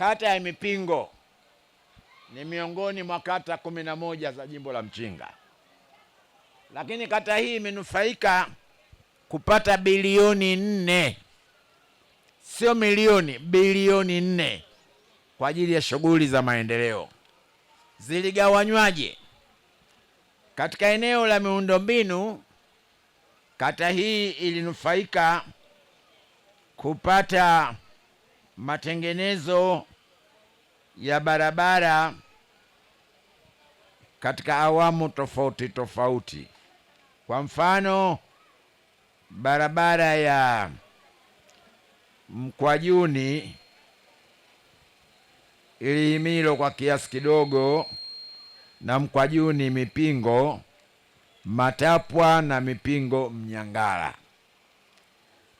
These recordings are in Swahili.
Kata ya Mipingo ni miongoni mwa kata kumi na moja za jimbo la Mchinga, lakini kata hii imenufaika kupata bilioni nne, sio milioni, bilioni nne kwa ajili ya shughuli za maendeleo. Ziligawanywaje? Katika eneo la miundombinu, kata hii ilinufaika kupata matengenezo ya barabara katika awamu tofauti tofauti. Kwa mfano, barabara ya Mkwajuni Ilihimilwa kwa kiasi kidogo na Mkwajuni Mipingo Matapwa na Mipingo Mnyangara.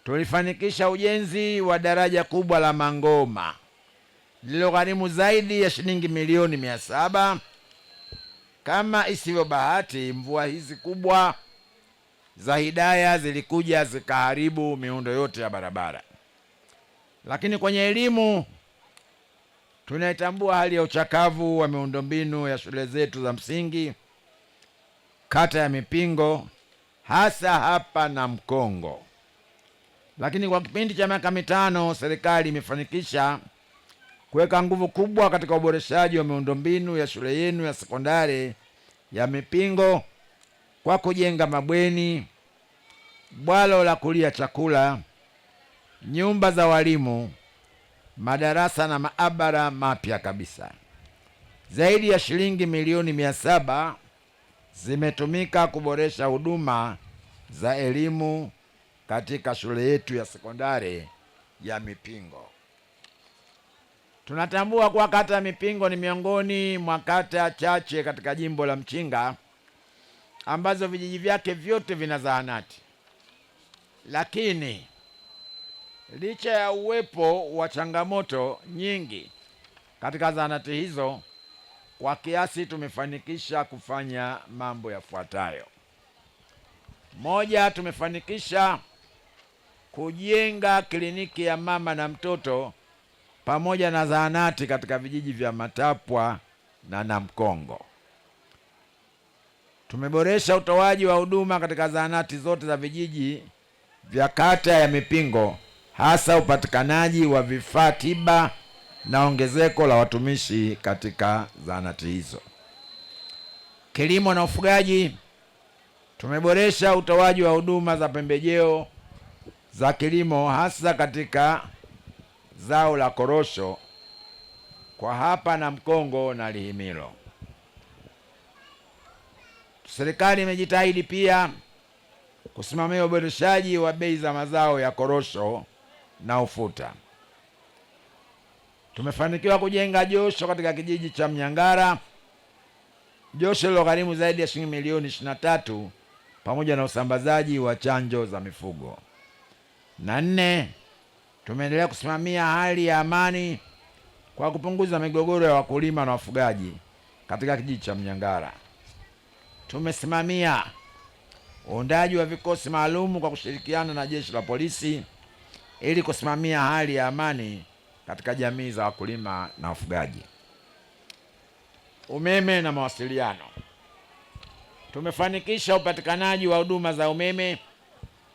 Tulifanikisha ujenzi wa daraja kubwa la Mangoma lililogharimu zaidi ya shilingi milioni mia saba. Kama isivyo bahati, mvua hizi kubwa za hidaya zilikuja zikaharibu miundo yote ya barabara. Lakini kwenye elimu tunaitambua hali ya uchakavu wa miundombinu ya shule zetu za msingi kata ya Mipingo, hasa hapa na Mkongo. Lakini kwa kipindi cha miaka mitano serikali imefanikisha kuweka nguvu kubwa katika uboreshaji wa miundombinu ya shule yenu ya sekondari ya Mipingo kwa kujenga mabweni, bwalo la kulia chakula, nyumba za walimu, madarasa na maabara mapya kabisa. Zaidi ya shilingi milioni mia saba zimetumika kuboresha huduma za elimu katika shule yetu ya sekondari ya Mipingo. Tunatambua kuwa kata ya Mipingo ni miongoni mwa kata chache katika jimbo la Mchinga ambazo vijiji vyake vyote vina zahanati, lakini licha ya uwepo wa changamoto nyingi katika zahanati hizo, kwa kiasi tumefanikisha kufanya mambo yafuatayo: moja, tumefanikisha kujenga kliniki ya mama na mtoto pamoja na zahanati katika vijiji vya Matapwa na Namkongo. Tumeboresha utoaji wa huduma katika zahanati zote za vijiji vya kata ya Mipingo, hasa upatikanaji wa vifaa tiba na ongezeko la watumishi katika zahanati hizo. Kilimo na ufugaji, tumeboresha utoaji wa huduma za pembejeo za kilimo hasa katika zao la korosho kwa hapa na Mkongo na Lihimilo. Serikali imejitahidi pia kusimamia uboreshaji wa bei za mazao ya korosho na ufuta. Tumefanikiwa kujenga josho katika kijiji cha Mnyangara, josho lilogharimu zaidi ya shilingi milioni tatu pamoja na usambazaji wa chanjo za mifugo. Na nne, Tumeendelea kusimamia hali ya amani kwa kupunguza migogoro ya wakulima na wafugaji katika kijiji cha Mnyangara. Tumesimamia uundaji wa vikosi maalumu kwa kushirikiana na jeshi la polisi ili kusimamia hali ya amani katika jamii za wakulima na wafugaji. Umeme na mawasiliano, tumefanikisha upatikanaji wa huduma za umeme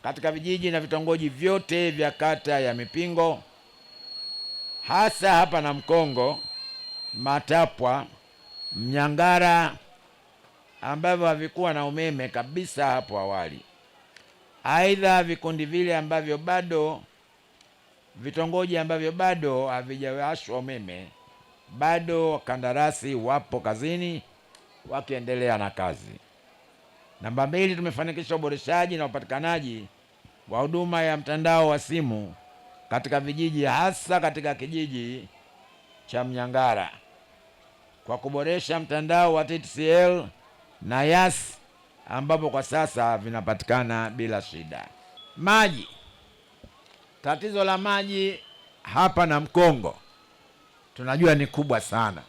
katika vijiji na vitongoji vyote vya kata ya Mipingo, hasa hapa na Mkongo, Matapwa, Mnyangara ambavyo havikuwa na umeme kabisa hapo awali. Aidha, vikundi vile ambavyo bado vitongoji ambavyo bado havijawashwa umeme, bado kandarasi wapo kazini wakiendelea na kazi. Namba mbili, tumefanikisha uboreshaji na upatikanaji wa huduma ya mtandao wa simu katika vijiji, hasa katika kijiji cha Mnyangara kwa kuboresha mtandao wa TTCL na Yas ambapo kwa sasa vinapatikana bila shida. Maji, tatizo la maji hapa na Mkongo tunajua ni kubwa sana.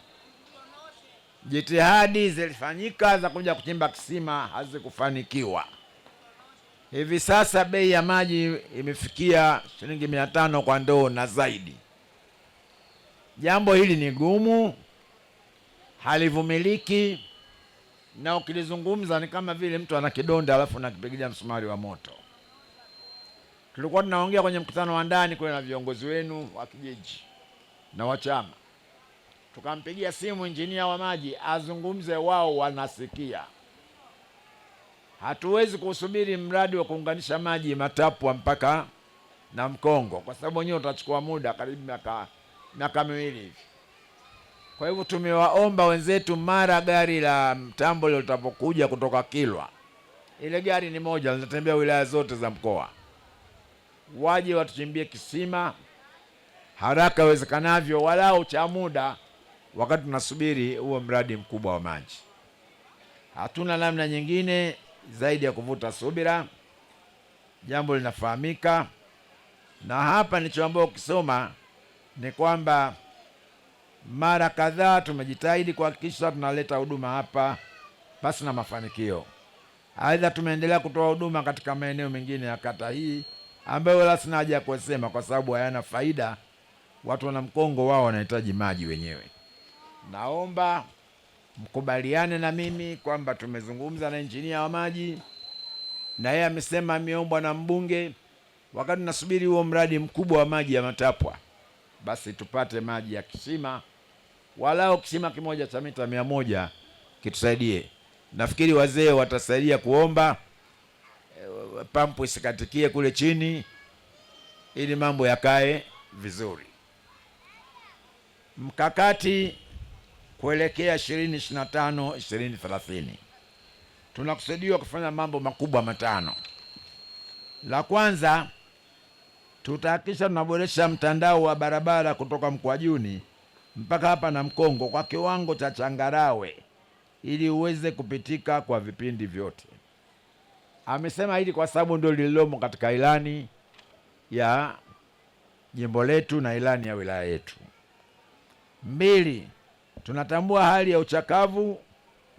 Jitihadi zilifanyika za kuja kuchimba kisima hazikufanikiwa. Hivi sasa bei ya maji imefikia shilingi mia tano kwa ndoo na zaidi. Jambo hili ni gumu, halivumiliki, na ukilizungumza ni kama vile mtu ana kidonda alafu nakipigilia msumari wa moto. Tulikuwa tunaongea kwenye mkutano wa ndani kule na viongozi wenu wa kijiji na wa chama, tukampigia simu injinia wa maji azungumze, wao wanasikia Hatuwezi kusubiri mradi wa kuunganisha maji Matapwa mpaka na Mkongo kwa sababu wenyewe utachukua muda karibu miaka miaka miwili hivi. Kwa hivyo tumewaomba wenzetu, mara gari la mtambo litapokuja kutoka Kilwa, ile gari ni moja linatembea wilaya zote za mkoa, waje watuchimbie kisima haraka iwezekanavyo, walau cha muda, wakati tunasubiri huo mradi mkubwa wa maji. Hatuna namna nyingine zaidi ya kuvuta subira, jambo linafahamika. Na hapa nilichoambiwa ukisoma ni kwamba mara kadhaa tumejitahidi kuhakikisha tunaleta huduma hapa pasi na mafanikio. Aidha, tumeendelea kutoa huduma katika maeneo mengine ya kata hii ambayo wala sina haja ya kusema kwa sababu hayana faida. Watu wana mkongo wao wanahitaji maji wenyewe. Naomba mkubaliane na mimi kwamba tumezungumza na injinia wa maji na yeye amesema ameombwa na mbunge, wakati tunasubiri huo mradi mkubwa wa maji ya Matapwa, basi tupate maji ya kisima, walao kisima kimoja cha mita mia moja kitusaidie. Nafikiri wazee watasaidia kuomba eh, pampu isikatikie kule chini, ili mambo yakae vizuri. Mkakati kuelekea 2025 2030 tunakusudiwa kufanya mambo makubwa matano. La kwanza, tutahakikisha tunaboresha mtandao wa barabara kutoka Mkwajuni mpaka hapa na Mkongo kwa kiwango cha changarawe ili uweze kupitika kwa vipindi vyote. Amesema hili kwa sababu ndio lililomo katika ilani ya jimbo letu na ilani ya wilaya yetu. Mbili, Tunatambua hali ya uchakavu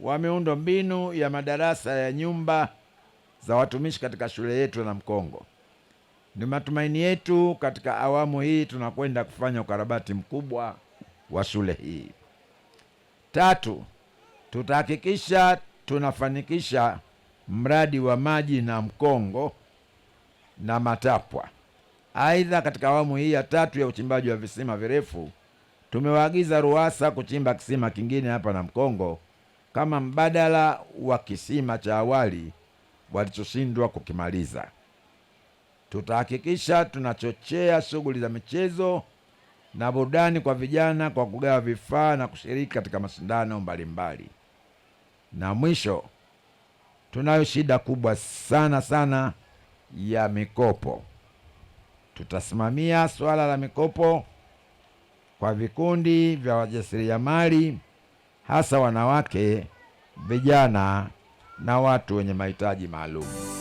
wa miundo mbinu ya madarasa ya nyumba za watumishi katika shule yetu na Mkongo. Ni matumaini yetu katika awamu hii tunakwenda kufanya ukarabati mkubwa wa shule hii. Tatu, tutahakikisha tunafanikisha mradi wa maji na Mkongo na Matapwa. Aidha, katika awamu hii ya tatu ya uchimbaji wa visima virefu Tumewaagiza RUWASA kuchimba kisima kingine hapa na mkongo kama mbadala wa kisima cha awali walichoshindwa kukimaliza. Tutahakikisha tunachochea shughuli za michezo na burudani kwa vijana kwa kugawa vifaa na kushiriki katika mashindano mbalimbali. Na mwisho, tunayo shida kubwa sana sana ya mikopo. Tutasimamia suala la mikopo kwa vikundi vya wajasiriamali, hasa wanawake, vijana na watu wenye mahitaji maalum.